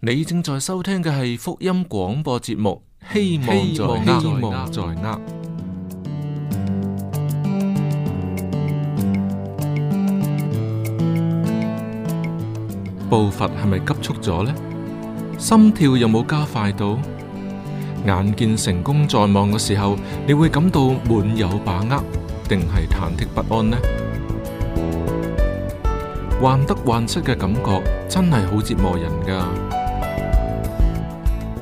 你正在收聽嘅係福音廣播節目，希望希望在握。步伐係咪急促咗呢？心跳有冇加快到？眼見成功在望嘅時候，你會感到滿有把握，定係忐忑不安呢？患得患失嘅感覺真係好折磨人噶。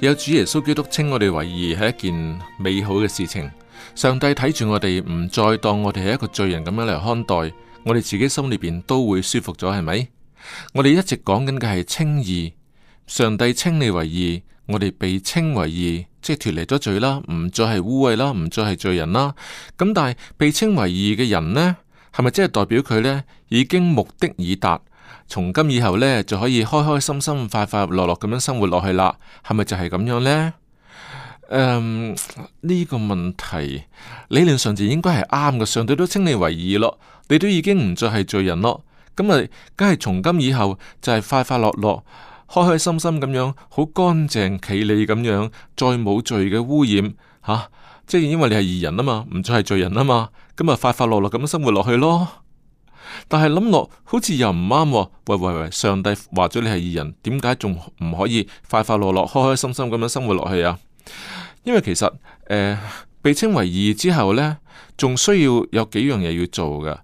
有主耶穌基督稱我哋為義，係一件美好嘅事情，上帝睇住我哋唔再當我哋係一個罪人咁樣嚟看待，我哋自己心裏邊都會舒服咗，係咪？我哋一直講緊嘅係稱義，上帝稱你為義，我哋被稱為義，即係脫離咗罪啦，唔再係污穢啦，唔再係罪人啦。咁但係被稱為義嘅人呢，係咪即係代表佢呢已經目的已達？從今以後呢，就可以開開心心、快快樂樂咁樣生活落去啦，係咪就係咁樣呢？呢、um, 呢個問題理論上就應該係啱嘅，上帝都稱你為義咯，你都已經唔再係罪人咯，咁咪梗係從今以後就係快快樂樂、開開心心咁樣，好乾淨企理咁樣，再冇罪嘅污染吓、啊，即係因為你係義人啊嘛，唔再係罪人啊嘛，咁咪快快樂樂咁樣生活落去咯。但係諗落，好似又唔啱、啊。喂喂喂！上帝話咗你係義人，點解仲唔可以快快樂樂、開開心心咁樣生活落去啊？因為其實誒、呃，被稱為義之後呢，仲需要有幾樣嘢要做嘅，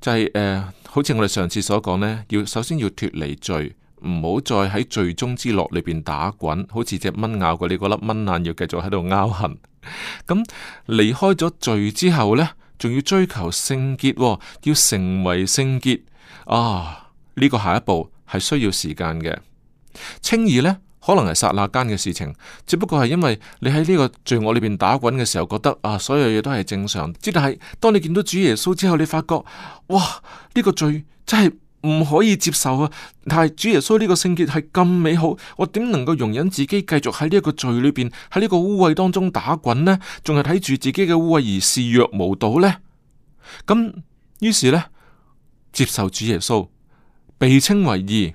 就係、是、誒、呃，好似我哋上次所講呢，要首先要脫離罪，唔好再喺罪中之樂裏邊打滾，好似隻蚊咬過你嗰粒蚊眼，這個、蚊要繼續喺度拗痕。咁、 嗯、離開咗罪之後呢。仲要追求聖潔，要成為聖潔啊！呢個下一步係需要時間嘅。稱義呢，可能係剎那間嘅事情，只不過係因為你喺呢個罪惡裏面打滾嘅時候，覺得啊，所有嘢都係正常。只但係當你見到主耶穌之後，你發覺，哇，呢個罪真係。唔可以接受啊！但係主耶穌呢個聖潔係咁美好，我點能夠容忍自己繼續喺呢一個罪裏邊，喺呢個污穢當中打滾呢？仲係睇住自己嘅污穢而視若無睹呢？咁於是呢，接受主耶穌，被稱為義。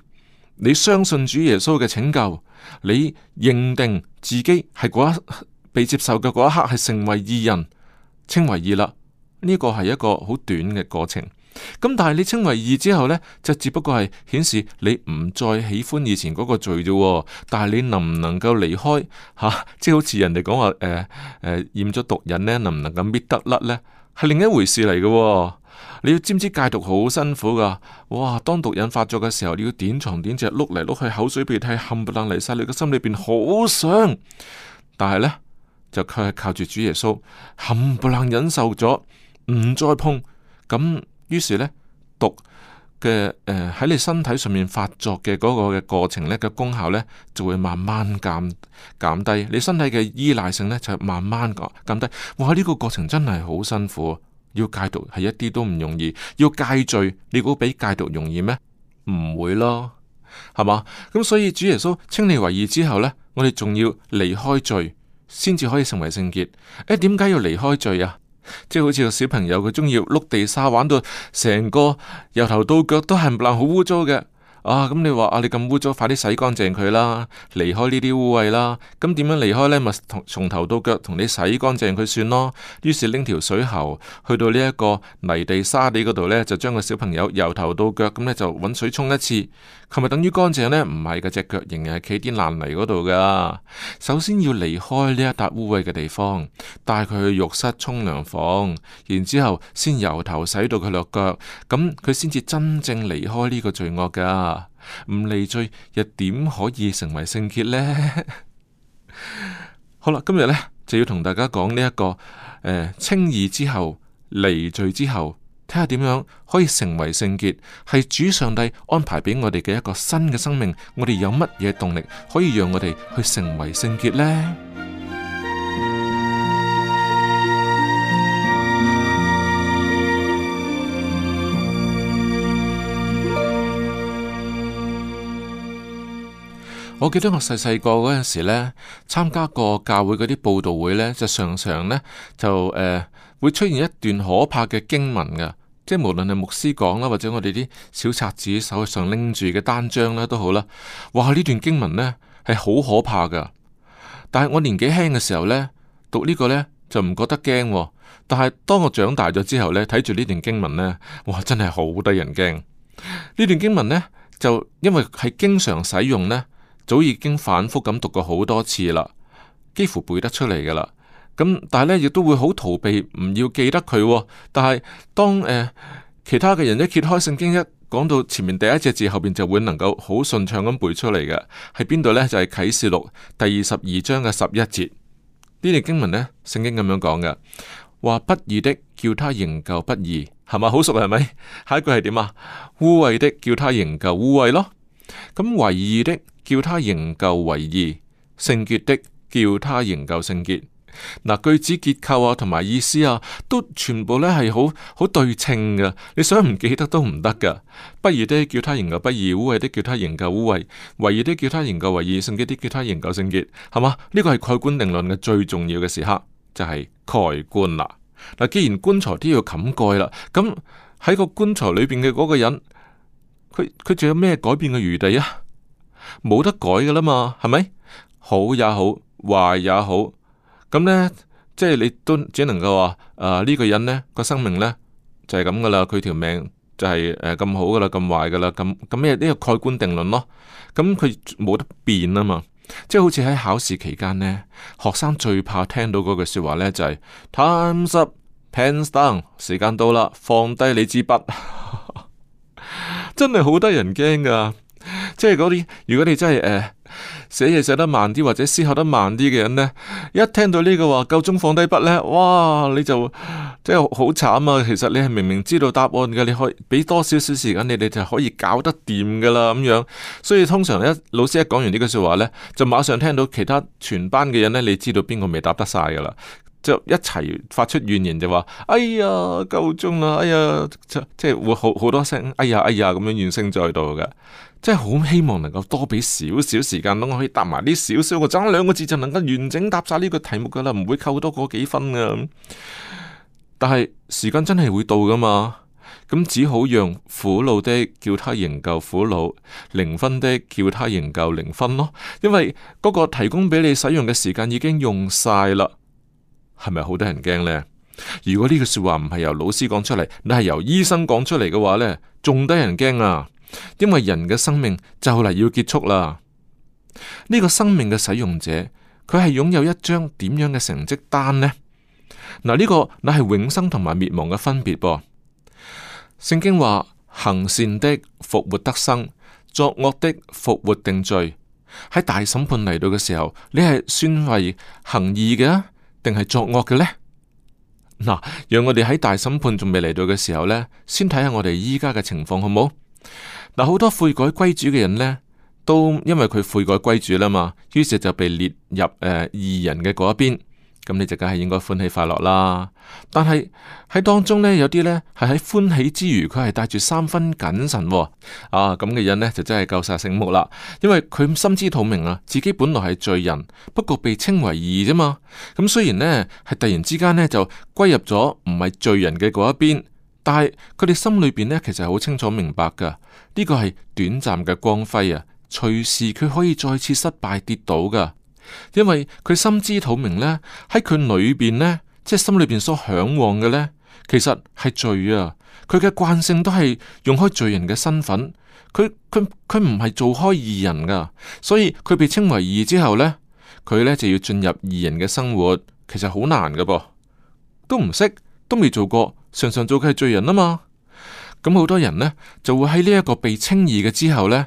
你相信主耶穌嘅拯救，你認定自己係嗰一刻被接受嘅嗰一刻，係成為義人，稱為義啦。呢個係一個好短嘅過程。咁但係你稱為義之後呢，就只不過係顯示你唔再喜歡以前嗰個罪啫。但係你能唔能夠離開吓、啊，即係好似人哋講話誒誒染咗毒癮呢，能唔能夠搣得甩呢？係另一回事嚟嘅、哦。你要知唔知戒毒好辛苦噶？哇，當毒癮發作嘅時候，你要點床點著，碌嚟碌去，口水鼻涕冚唪唥嚟晒，你嘅心裏邊好想，但係呢，就卻係靠住主耶穌冚唪唥忍受咗，唔再碰咁。於是咧，毒嘅誒喺你身體上面發作嘅嗰個嘅過程咧嘅功效咧就會慢慢減減低，你身體嘅依賴性咧就慢慢個減低。哇！呢、這個過程真係好辛苦，要戒毒係一啲都唔容易，要戒罪，你估比戒毒容易咩？唔會咯，係嘛？咁所以主耶穌稱你為義之後咧，我哋仲要離開罪，先至可以成為聖潔。誒、欸，點解要離開罪啊？即係好似個小朋友，佢中意碌地沙，玩到成個由頭到腳都係冚唪唥好污糟嘅。啊，咁、嗯、你話啊，你咁污糟，快啲洗乾淨佢啦，離開呢啲污穢啦。咁點樣離開呢？咪同從頭到腳同你洗乾淨佢算咯。於是拎條水喉去到呢一個泥地沙地嗰度呢，就將個小朋友由頭到腳咁呢，就揾水沖一次。係咪等於乾淨呢？唔係嘅，隻腳仍然係企啲爛泥嗰度噶。首先要離開呢一笪污穢嘅地方，帶佢去浴室沖涼房，然之後先由頭洗到佢落腳，咁佢先至真正離開呢個罪惡噶。唔離罪又點可以成為聖潔呢？ 好啦，今日呢就要同大家講呢一個誒、呃，稱義之後離罪之後。睇下點樣可以成為聖潔，係主上帝安排俾我哋嘅一個新嘅生命。我哋有乜嘢動力可以讓我哋去成為聖潔呢？ 我記得我細細個嗰陣時咧，參加過教會嗰啲報道會呢，就常常呢，就、呃、誒會出現一段可怕嘅經文㗎。即係無論係牧師講啦，或者我哋啲小冊子手上拎住嘅單張啦，都好啦。哇！呢段經文呢係好可怕噶。但係我年紀輕嘅時候呢，讀呢個呢就唔覺得驚喎。但係當我長大咗之後呢，睇住呢段經文呢，哇！真係好得人驚。呢段經文呢，就因為係經常使用呢，早已經反復咁讀過好多次啦，幾乎背得出嚟噶啦。咁，但係呢，亦都會好逃避，唔要記得佢。但係當誒其他嘅人一揭開聖經，一講到前面第一隻字，後邊就會能夠好順暢咁背出嚟嘅。喺邊度呢？就係啟示錄第二十二章嘅十一節呢段經文呢，聖經咁樣講嘅話，不義的叫他仍舊不義，係咪好熟？係咪？下一句係點啊？污穢的叫他仍舊污穢咯。咁為義的叫他仍舊為義，聖潔的叫他仍舊聖潔。嗱、啊、句子結構啊，同埋意思啊，都全部呢係好好對稱噶。你想唔記得都唔得噶。不義的叫他仍舊不義，污穢的叫他仍舊污穢，為義的叫他仍舊為義，聖潔的叫他仍舊聖潔，係嘛？呢個係蓋棺定論嘅最重要嘅時刻，就係蓋棺啦。嗱、啊，既然棺材都要冚蓋啦，咁喺個棺材裏邊嘅嗰個人，佢佢仲有咩改變嘅餘地啊？冇得改噶啦嘛，係咪好也好，壞也好？咁呢，即係你都只能夠話，誒、呃、呢、呢個人呢個生命呢，就係咁噶啦，佢條命就係誒咁好噶啦，咁壞噶啦，咁咁呢個蓋棺定論咯。咁佢冇得變啊嘛，即係好似喺考試期間呢，學生最怕聽到嗰句說話呢，就係、是、time up pen down 時間到啦，放低你支筆， 真係好得人驚噶。即係嗰啲，如果你真係誒。呃寫嘢寫得慢啲或者思考得慢啲嘅人呢，一聽到呢個話夠鐘放低筆呢，哇！你就即係好慘啊！其實你係明明知道答案嘅，你可以俾多少少時間，你哋就可以搞得掂噶啦咁樣。所以通常一老師一講完呢句說話呢，就馬上聽到其他全班嘅人呢，你知道邊個未答得晒噶啦。就一齊發出怨言，言，就話哎呀夠鐘啦，哎呀，即即會好好多聲哎呀哎呀咁樣怨聲載道嘅，即係好希望能夠多畀少少時間，我可以答埋啲少少。我爭兩個字就能夠完整答晒呢個題目噶啦，唔會扣多過幾分噶。但係時間真係會到噶嘛？咁只好讓苦惱的叫他仍舊苦惱，零分的叫他仍舊零分咯，因為嗰個提供俾你使用嘅時間已經用晒啦。係咪好得人驚呢？如果呢句說話唔係由老師講出嚟，你係由醫生講出嚟嘅話呢，仲得人驚啊！因為人嘅生命就嚟要結束啦。呢個生命嘅使用者，佢係擁有一張點樣嘅成績單呢？嗱，呢個乃係永生同埋滅亡嘅分別噃。聖經話：行善的復活得生，作惡的復活定罪。喺大審判嚟到嘅時候，你係宣為行義嘅。定係作惡嘅呢？嗱，讓我哋喺大審判仲未嚟到嘅時候呢，先睇下我哋而家嘅情況好冇？嗱，好，好多悔改歸主嘅人呢，都因為佢悔改歸主啦嘛，於是就被列入誒異、呃、人嘅嗰一邊。咁你就梗係應該歡喜快樂啦，但係喺當中呢，有啲呢係喺歡喜之餘，佢係帶住三分謹慎啊，啊咁嘅人呢，就真係夠曬醒目啦，因為佢心知肚明啊，自己本來係罪人，不過被稱為義啫嘛。咁、嗯、雖然呢係突然之間呢，就歸入咗唔係罪人嘅嗰一邊，但係佢哋心裏邊呢，其實係好清楚明白噶，呢、這個係短暫嘅光輝啊，隨時佢可以再次失敗跌倒噶。因為佢心知肚明呢，喺佢裏邊呢，即係心裏邊所向往嘅呢，其實係罪啊！佢嘅慣性都係用開罪人嘅身份，佢佢佢唔係做開義人噶，所以佢被稱為義之後呢，佢呢就要進入義人嘅生活，其實好難噶噃，都唔識，都未做過，常常做嘅係罪人啊嘛！咁好多人呢，就會喺呢一個被稱義嘅之後呢，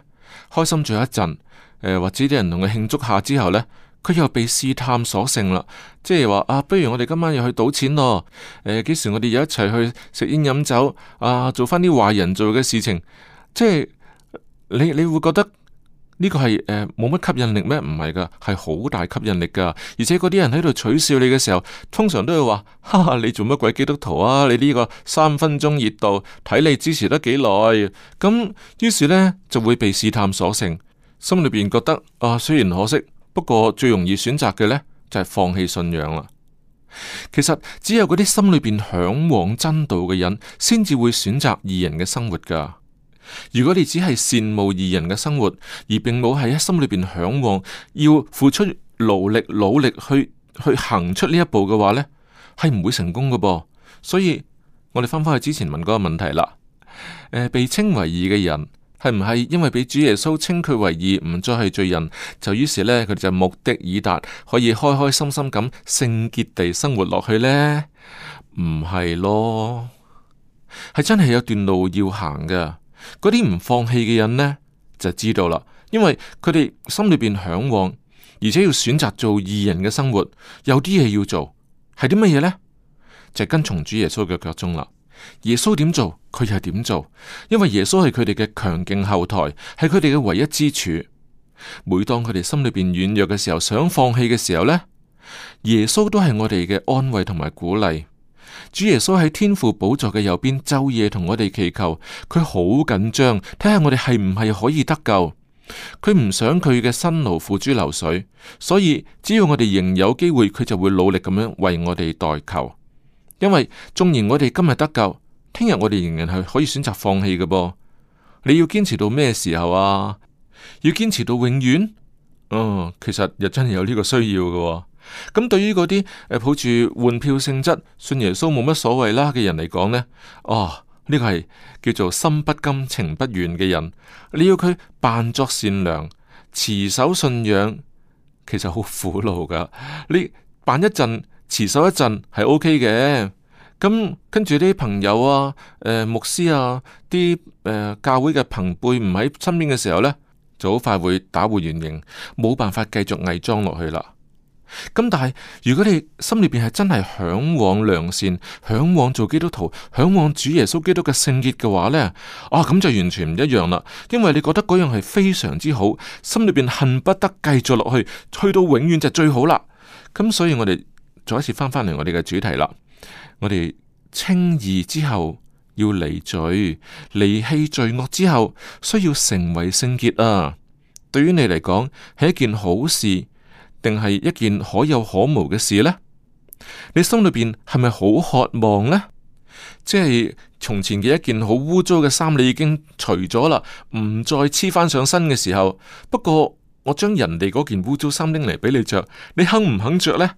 開心咗一陣，誒、呃、或者啲人同佢慶祝下之後呢。佢又被試探所勝啦，即係話啊，不如我哋今晚又去賭錢咯？誒、呃，幾時我哋又一齊去食煙飲酒啊？做翻啲壞人做嘅事情，即係你你會覺得呢個係冇乜吸引力咩？唔係噶，係好大吸引力噶。而且嗰啲人喺度取笑你嘅時候，通常都會話：哈，哈，你做乜鬼基督徒啊？你呢個三分鐘熱度，睇你支持得幾耐？咁於是呢，就會被試探所勝，心裏邊覺得啊，雖然可惜。不過最容易選擇嘅呢，就係、是、放棄信仰啦。其實只有嗰啲心裏邊向往真道嘅人，先至會選擇義人嘅生活噶。如果你只係羨慕義人嘅生活，而並冇喺心裏邊向往，要付出勞力、努力去去行出呢一步嘅話呢，係唔會成功噶噃。所以我哋返返去之前問嗰個問題啦、呃。被稱為義嘅人。係唔係因為俾主耶穌稱佢為義，唔再係罪人，就於是呢，佢哋就目的已達，可以開開心心咁聖潔地生活落去呢？唔係咯，係真係有段路要行噶。嗰啲唔放棄嘅人呢，就知道啦，因為佢哋心裏邊向往，而且要選擇做義人嘅生活，有啲嘢要做，係啲乜嘢呢？就係跟從主耶穌嘅腳蹤啦。耶穌點做，佢又點做，因為耶穌係佢哋嘅強勁後台，係佢哋嘅唯一支柱。每當佢哋心裏邊軟弱嘅時候，想放棄嘅時候呢，耶穌都係我哋嘅安慰同埋鼓勵。主耶穌喺天父寶座嘅右邊晝夜同我哋祈求，佢好緊張，睇下我哋係唔係可以得救。佢唔想佢嘅辛勞付諸流水，所以只要我哋仍有機會，佢就會努力咁樣為我哋代求。因為縱然我哋今日得救，聽日我哋仍然係可以選擇放棄嘅噃。你要堅持到咩時候啊？要堅持到永遠？嗯、哦，其實亦真係有呢個需要嘅。咁、嗯、對於嗰啲誒抱住換票性質信耶穌冇乜所謂啦嘅人嚟講呢，哦，呢、這個係叫做心不甘情不願嘅人。你要佢扮作善良持守信仰，其實好苦惱噶。你扮一陣。持守一陣係 OK 嘅，咁跟住啲朋友啊、呃、牧師啊、啲、呃、教會嘅朋輩唔喺身邊嘅時候呢，就好快會打回原形，冇辦法繼續偽裝落去啦。咁但係如果你心裏邊係真係向往良善、向往做基督徒、向往主耶穌基督嘅聖潔嘅話呢，啊咁就完全唔一樣啦，因為你覺得嗰樣係非常之好，心裏邊恨不得繼續落去，去到永遠就最好啦。咁所以，我哋。再一次返返嚟，我哋嘅主題啦。我哋稱義之後要離罪，離棄罪惡之後，需要成為聖潔啊。對於你嚟講，係一件好事，定係一件可有可無嘅事呢？你心裏邊係咪好渴望呢？即係從前嘅一件好污糟嘅衫，你已經除咗啦，唔再黐返上身嘅時候。不過我將人哋嗰件污糟衫拎嚟俾你着，你肯唔肯着呢？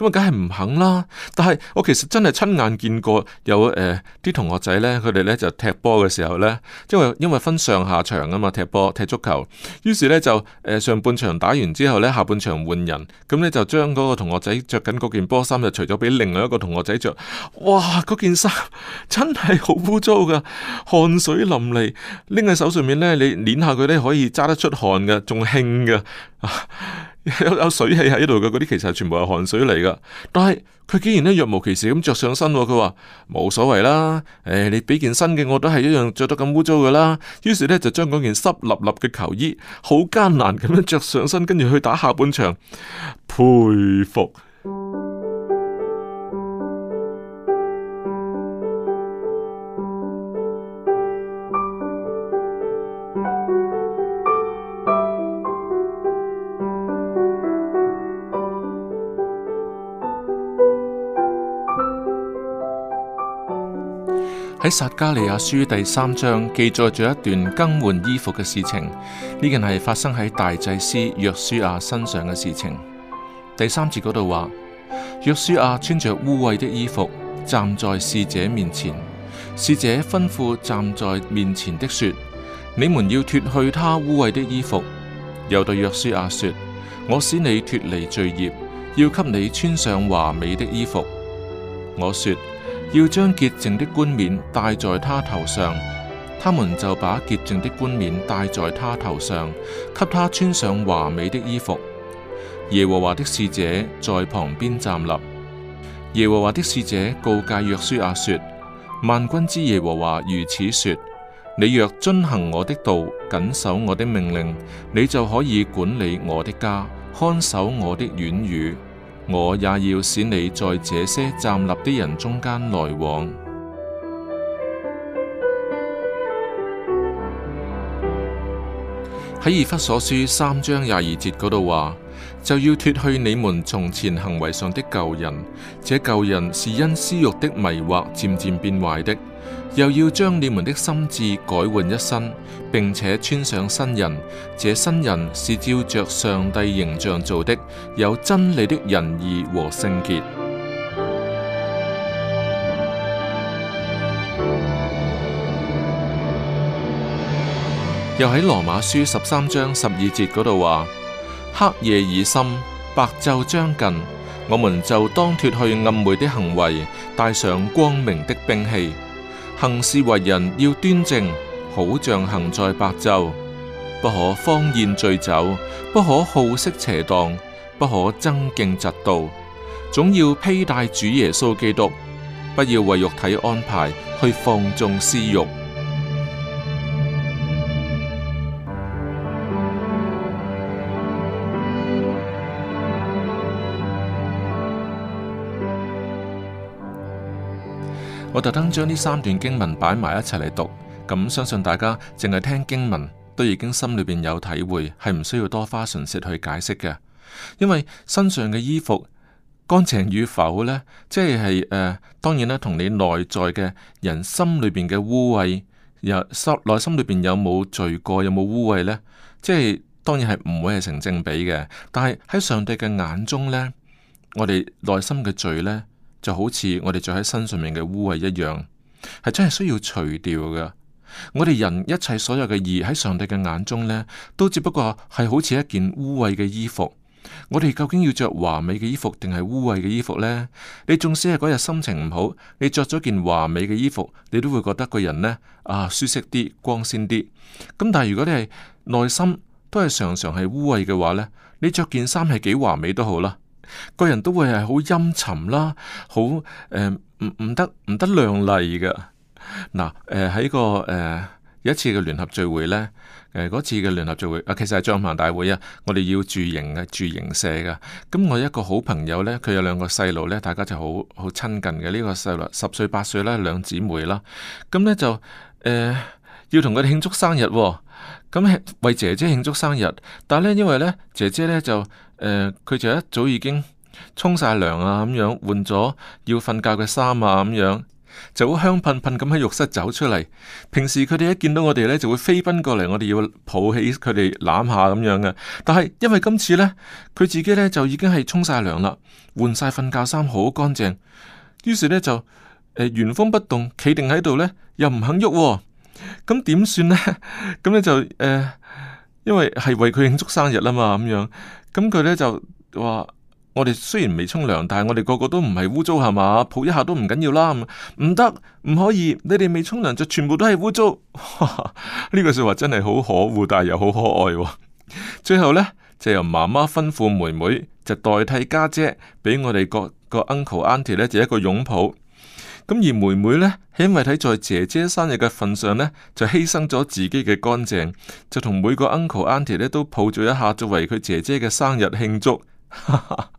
咁啊，梗係唔肯啦！但係我其實真係親眼見過有誒啲、呃、同學仔呢，佢哋呢就踢波嘅時候呢，因為因為分上下場啊嘛，踢波踢足球，於是呢，就誒、呃、上半場打完之後呢，下半場換人，咁呢就將嗰個同學仔着緊嗰件波衫就除咗俾另外一個同學仔着。哇！嗰件衫真係好污糟噶，汗水淋漓，拎喺手上面呢，你捻下佢呢，可以揸得出汗嘅，仲輕噶。啊 有水氣喺度嘅嗰啲，其實全部係汗水嚟噶。但係佢竟然都若無其事咁着上身，佢話冇所謂啦。誒、哎,你俾件新嘅，我都係一樣着得咁污糟噶啦。於是咧就將嗰件濕立立嘅球衣，好艱難咁樣着上身，跟住 去打下半場。佩服。撒加利亞書第三章記載咗一段更換衣服嘅事情，呢件係發生喺大祭司約書亞身上嘅事情。第三節嗰度話：約書亞穿着污穢的衣服站在侍者面前，侍者吩咐站在面前的說：你們要脫去他污穢的衣服，又對約書亞說：我使你脫離罪孽，要給你穿上華美的衣服。我說。要將潔淨的冠冕戴在他頭上，他們就把潔淨的冠冕戴在他頭上，給他穿上華美的衣服。耶和華的使者在旁邊站立，耶和華的使者告誡約書亞、啊、說：萬軍之耶和華如此說，你若遵行我的道，謹守我的命令，你就可以管理我的家，看守我的院宇。我也要使你在這些站立的人中間來往。喺 以弗所書三章廿二節嗰度話，就要脱去你們從前行為上的舊人，這舊人是因私欲的迷惑漸漸變壞的。又要將你們的心志改換一新，並且穿上新人，這新人是照着上帝形象造的，有真理的仁義和聖潔。又喺羅馬書十三章十二節嗰度話：黑夜已深，白晝將近，我們就當脱去暗昧的行為，帶上光明的兵器。行事為人要端正，好像行在白晝，不可荒宴醉酒，不可好色邪蕩，不可爭競嫉妒，總要披戴主耶穌基督，不要為肉體安排，去放縱私欲。我特登將呢三段經文擺埋一齊嚟讀，咁相信大家淨係聽經文都已經心裏邊有體會，係唔需要多花唇舌去解釋嘅。因為身上嘅衣服乾淨與否呢？即係誒、呃，當然啦，同你內在嘅人心裏邊嘅污穢，又內心裏邊有冇罪過，有冇污穢呢？即係當然係唔會係成正比嘅。但係喺上帝嘅眼中呢，我哋內心嘅罪呢。就好似我哋着喺身上面嘅污穢一樣，係真係需要除掉㗎。我哋人一切所有嘅義喺上帝嘅眼中呢，都只不過係好似一件污穢嘅衣服。我哋究竟要着華美嘅衣服定係污穢嘅衣服呢？你縱使係嗰日心情唔好，你着咗件華美嘅衣服，你都會覺得個人呢，啊舒適啲、光鮮啲。咁但係如果你係內心都係常常係污穢嘅話呢，你着件衫係幾華美都好啦。個人都會係好陰沉啦，好誒唔唔得唔得量力嘅。嗱，誒、呃、喺個誒、呃、有一次嘅聯合聚會呢，誒、呃、嗰次嘅聯合聚會啊，其實係帳篷大會啊，我哋要住營嘅住營社噶。咁、嗯、我一個好朋友呢，佢有兩個細路呢，大家就好好親近嘅。呢、呢個細路十歲八歲啦，兩姊妹啦。咁、嗯、呢，就誒、呃、要同佢哋慶祝生日、哦，咁、嗯、係為姐姐慶祝生日。但係呢，因為呢，姐姐，姐呢就。就就佢、呃、就一早已經沖晒涼啊，咁樣換咗要瞓覺嘅衫啊，咁樣就好香噴噴咁喺浴室走出嚟。平時佢哋一見到我哋呢，就會飛奔過嚟，我哋要抱起佢哋攬下咁樣嘅。但係因為今次呢，佢自己呢，就已經係沖晒涼啦，換晒瞓覺衫，好乾淨。於是呢，就、呃、原封不動企定喺度呢，又唔肯喐、哦。咁點算呢？咁 呢就、呃因為係為佢慶祝生日啊嘛，咁樣咁佢咧就話：我哋雖然未沖涼，但係我哋個個都唔係污糟係嘛，抱一下都唔緊要啦。唔得，唔可以，你哋未沖涼就全部都係污糟。呢句說話真係好可惡，但係又好可愛喎。最後咧就由媽媽吩咐妹妹就代替家姐俾我哋個個 uncle auntie 咧，就一個擁抱。咁而妹妹呢，因為睇在姐姐生日嘅份上呢，就犧牲咗自己嘅乾淨，就同每個 uncle auntie 呢都抱咗一下，作為佢姐姐嘅生日慶祝。哈哈，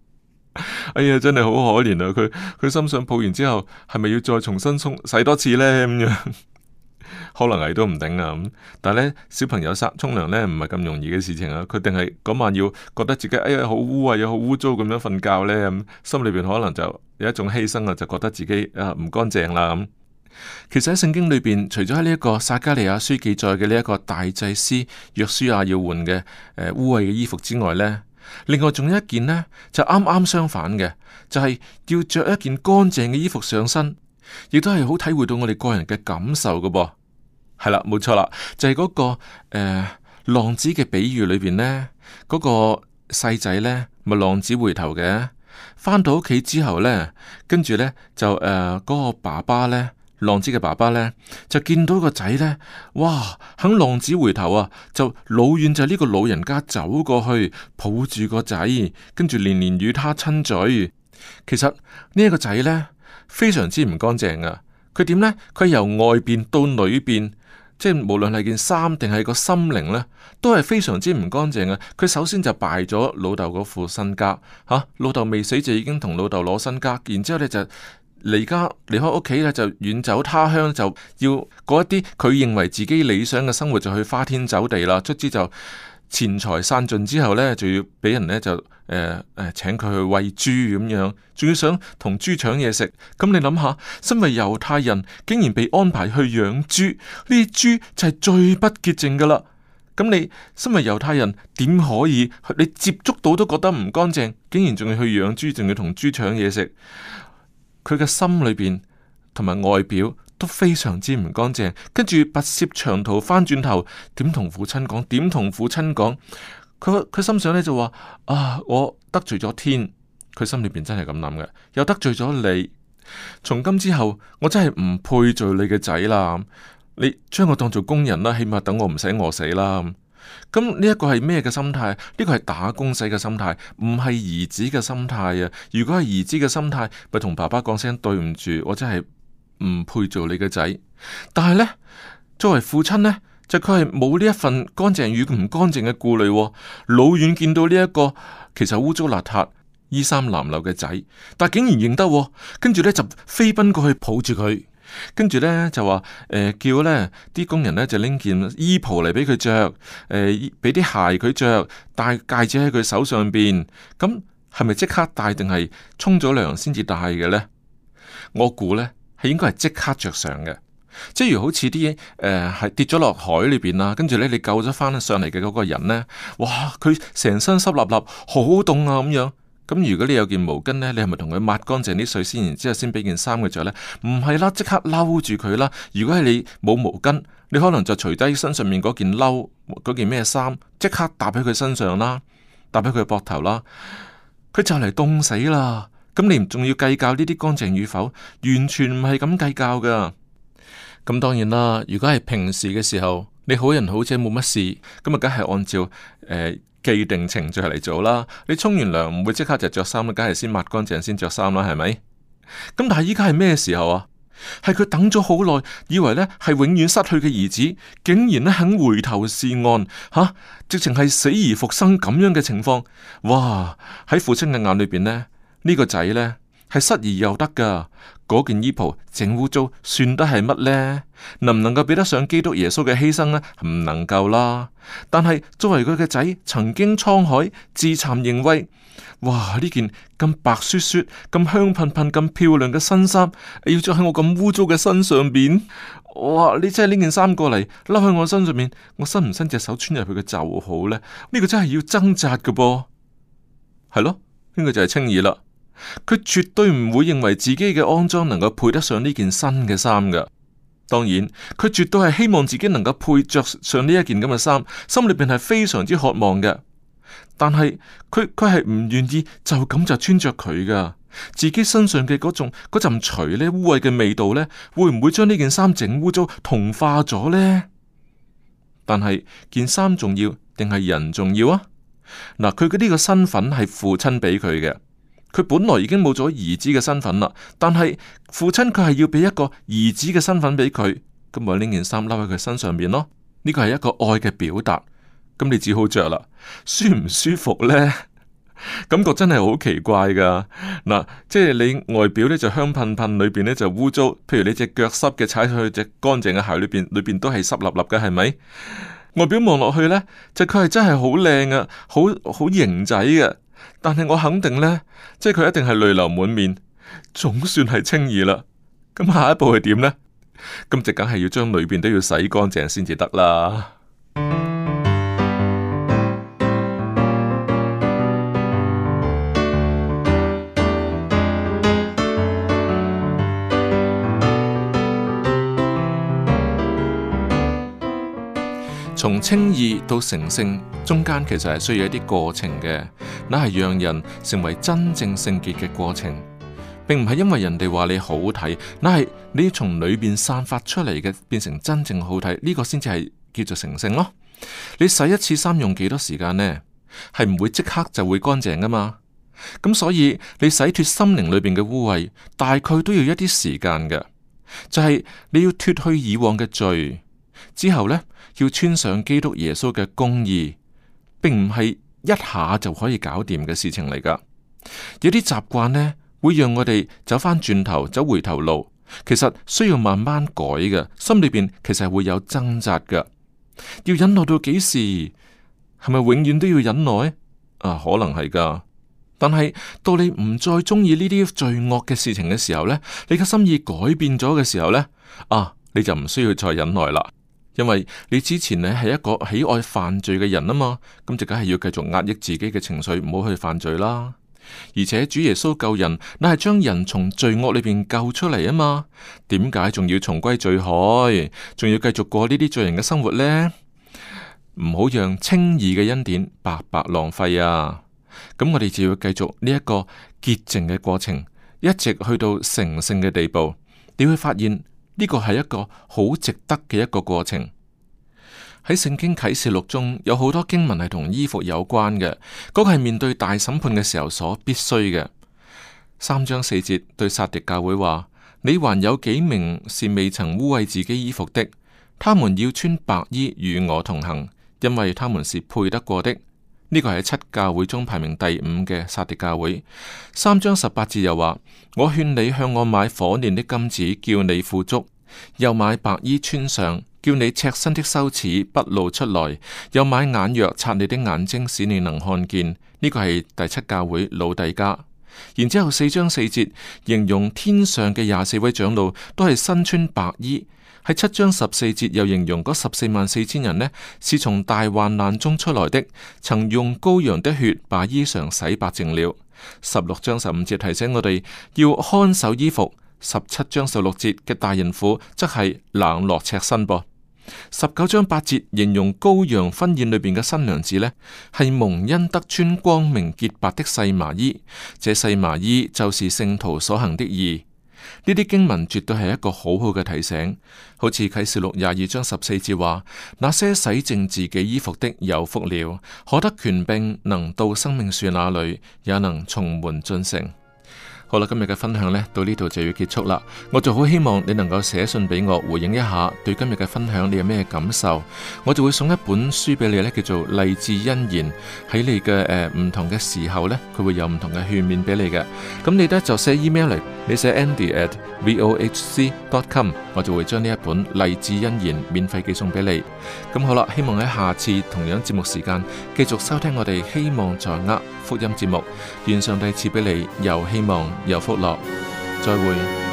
哎呀，真係好可憐啊！佢佢心想抱完之後，係咪要再重新沖洗,洗多次呢？咁樣。可能挨都唔頂啊！咁但係呢，小朋友洗沖涼呢，唔係咁容易嘅事情啊！佢定係嗰晚要覺得自己哎呀好污穢又好污糟，咁樣瞓覺呢？咁、嗯，心裏邊可能就有一種犧牲啊，就覺得自己啊唔乾淨啦咁。嗯、其實喺聖經裏邊，除咗喺呢一個撒迦利亞書記載嘅呢一個大祭司約書亞要換嘅誒污穢嘅衣服之外呢，另外仲有一件呢，就啱啱相反嘅，就係、是、要着一件乾淨嘅衣服上身，亦都係好體會到我哋個人嘅感受噶噃。係啦，冇錯啦，就係嗰個誒浪子嘅比喻裏邊呢，嗰個細仔呢，咪浪子回頭嘅，返到屋企之後呢，跟住呢，就誒嗰個爸爸呢，浪子嘅爸爸呢，就見到個仔呢，哇肯浪子回頭啊，就老遠就呢個老人家走過去抱住個仔，跟住連連與他親嘴。其實呢一個仔呢，非常之唔乾淨噶，佢點呢？佢由外邊到裏邊。即係無論係件衫定係個心靈呢，都係非常之唔乾淨嘅。佢首先就敗咗老豆嗰副身家，嚇、啊、老豆未死就已經同老豆攞身家，然之後呢就離家離開屋企咧，就遠走他鄉，就要過一啲佢認為自己理想嘅生活，就去花天酒地啦，卒之就。錢財散盡之後呢，就要畀人呢，就誒誒，請佢去餵豬咁樣，仲要想同豬搶嘢食。咁你諗下，身為猶太人，竟然被安排去養豬，呢啲豬就係最不潔淨㗎喇。咁你身為猶太人，點可以？你接觸到都覺得唔乾淨，竟然仲要去養豬，仲要同豬搶嘢食？佢嘅心裏邊同埋外表。都非常之唔乾淨，跟住跋涉長途翻轉頭，點同父親講？點同父親講？佢佢心想呢就話：啊，我得罪咗天，佢心裏邊真係咁諗嘅，又得罪咗你，從今之後我真係唔配做你嘅仔啦。你將我當做工人啦，起碼等我唔使餓死啦。咁呢一個係咩嘅心態？呢個係打工仔嘅心態，唔係兒子嘅心態啊！如果係兒子嘅心態，咪同爸爸講聲對唔住，我真係。唔配做你嘅仔，但係呢，作為父親呢，就佢係冇呢一份乾淨與唔乾淨嘅顧慮。老遠見到呢一個其實污糟邋遢、衣衫襤褸嘅仔，但竟然認得喎，跟住呢，就飛奔過去抱住佢，跟住呢，就話誒，叫呢啲工人呢，就拎件衣袍嚟俾佢着，誒俾啲鞋佢着，戴戒指喺佢手上邊。咁係咪即刻戴定係沖咗涼先至戴嘅呢？我估呢。係應該係即刻着上嘅，即係如好似啲誒係跌咗落海裏邊啦，跟住咧，你救咗翻上嚟嘅嗰個人咧，哇！佢成身濕立立，好凍啊咁樣。咁如果你有件毛巾咧，你係咪同佢抹乾淨啲水先，然之後先俾件衫佢着咧？唔係啦，即刻嬲住佢啦！如果係你冇毛巾，你可能就除低身上面嗰件褸，嗰件咩衫，即刻搭喺佢身上啦，搭喺佢膊頭啦，佢就嚟凍死啦。咁你唔仲要計較呢啲乾淨與否，完全唔係咁計較噶。咁當然啦，如果係平時嘅時候，你好人好姐冇乜事，咁啊，梗係按照誒、呃、既定程序嚟做啦。你沖完涼唔會即刻就着衫啦，梗係先抹乾淨先着衫啦，係咪？咁但係依家係咩時候啊？係佢等咗好耐，以為呢係永遠失去嘅兒子，竟然咧肯回頭是岸，吓、啊，直情係死而復生咁樣嘅情況。哇！喺父親嘅眼裏邊呢，呢個仔呢，係失而又得噶，嗰件衣袍整污糟，算得係乜呢？能唔能夠比得上基督耶穌嘅犧牲呢？唔能夠啦。但係作為佢嘅仔，曾經滄海，自慚形穢。哇！呢件咁白雪雪、咁香噴噴、咁漂亮嘅新衫，要着喺我咁污糟嘅身上邊。哇！你真係拎件衫過嚟，甩喺我身上面，我伸唔伸隻手穿入去嘅就好呢？呢個真係要掙扎嘅噃，係咯？呢個就係清兒啦。佢絕對唔會認為自己嘅骯髒能夠配得上呢件新嘅衫噶。當然，佢絕對係希望自己能夠配着上呢一件咁嘅衫，心裏邊係非常之渴望嘅。但係佢佢係唔願意就咁就穿着佢噶，自己身上嘅嗰種嗰陣除呢污穢嘅味道呢，會唔會將呢件衫整污糟同化咗呢？但係件衫重要定係人重要啊？嗱，佢嘅呢個身份係父親俾佢嘅。佢本來已經冇咗兒子嘅身份啦，但係父親佢係要畀一個兒子嘅身份畀佢，咁咪拎件衫笠喺佢身上面咯。呢個係一個愛嘅表達，咁你只好着啦。舒唔舒服咧？ 感覺真係好奇怪噶。嗱，即係你外表咧就香噴噴，裏邊咧就污糟。譬如你隻腳濕嘅踩去隻乾淨嘅鞋裏邊，裏邊都係濕立立嘅，係咪？外表望落去咧，就佢係真係好靚啊，好好型仔嘅。但係我肯定呢，即係佢一定係淚流滿面，總算係清意啦。咁下一步係點呢？咁就梗係要將裏邊都要洗乾淨先至得啦。從清意到成聖，中間其實係需要一啲過程嘅，那係讓人成為真正聖潔嘅過程，並唔係因為人哋話你好睇，那係你要從裏邊散發出嚟嘅變成真正好睇，呢個先至係叫做成聖咯。你洗一次衫用幾多時間呢？係唔會即刻就會乾淨噶嘛？咁所以你洗脱心靈裏邊嘅污穢，大概都要一啲時間嘅，就係你要脱去以往嘅罪。之後呢，要穿上基督耶穌嘅公義，並唔係一下就可以搞掂嘅事情嚟噶。有啲習慣呢，會讓我哋走返轉頭，走回頭路。其實需要慢慢改嘅，心裏邊其實係會有掙扎嘅。要忍耐到幾時？係咪永遠都要忍耐？啊，可能係噶。但係到你唔再中意呢啲罪惡嘅事情嘅時候呢，你嘅心意改變咗嘅時候呢，啊，你就唔需要再忍耐啦。因為你之前咧係一個喜愛犯罪嘅人啊嘛，咁就梗係要繼續壓抑自己嘅情緒，唔好去犯罪啦。而且主耶穌救人，乃係將人從罪惡裏邊救出嚟啊嘛，點解仲要重歸罪海，仲要繼續過呢啲罪人嘅生活呢？唔好讓輕易嘅恩典白白浪費啊！咁我哋就要繼續呢一個潔淨嘅過程，一直去到成聖嘅地步，你會發現。呢個係一個好值得嘅一個過程。喺聖經啟示錄中有好多經文係同衣服有關嘅，嗰個係面對大審判嘅時候所必須嘅。三章四節對撒迪教會話，你還有幾名是未曾污穢自己衣服的，他們要穿白衣與我同行，因為他們是配得過的。呢個係七教會中排名第五嘅撒狄教會。三章十八節又話：我勸你向我買火煉的金子，叫你富足；又買白衣穿上，叫你赤身的羞恥不露出來；又買眼藥擦你的眼睛，使你能看見。呢、這個係第七教會老底嘉。然之後四章四節形容天上嘅廿四位長老都係身穿白衣。喺七章十四節又形容嗰十四萬四千人呢，是從大患難中出來的，曾用羔羊的血把衣裳洗白淨了。十六章十五節提醒我哋要看守衣服。十七章十六節嘅大淫婦則係冷落赤身噃。十九章八節形容羔羊婚宴裏邊嘅新娘子呢，係蒙恩得穿光明潔白的細麻衣，這細麻衣就是聖徒所行的義。呢啲經文絕對係一個好好嘅提醒，好似啟示錄廿二章十四節話：那些洗淨自己衣服的有福了，可得權柄，能到生命樹那裏，也能從門進城。好啦，今日嘅分享咧到呢度就要結束啦。我就好希望你能夠寫信俾我回應一下，對今日嘅分享你有咩感受？我就會送一本書俾你咧，叫做《勵志恩言》，喺你嘅誒唔同嘅時候咧，佢會有唔同嘅勸勉俾你嘅。咁你咧就寫 email 嚟，你寫 andy@vohc.com，我就會將呢一本《勵志恩言》免費寄送俾你。咁好啦，希望喺下次同樣節目時間繼續收聽我哋，希望在握。福音節目，願上帝賜俾你有希望有福樂。再會。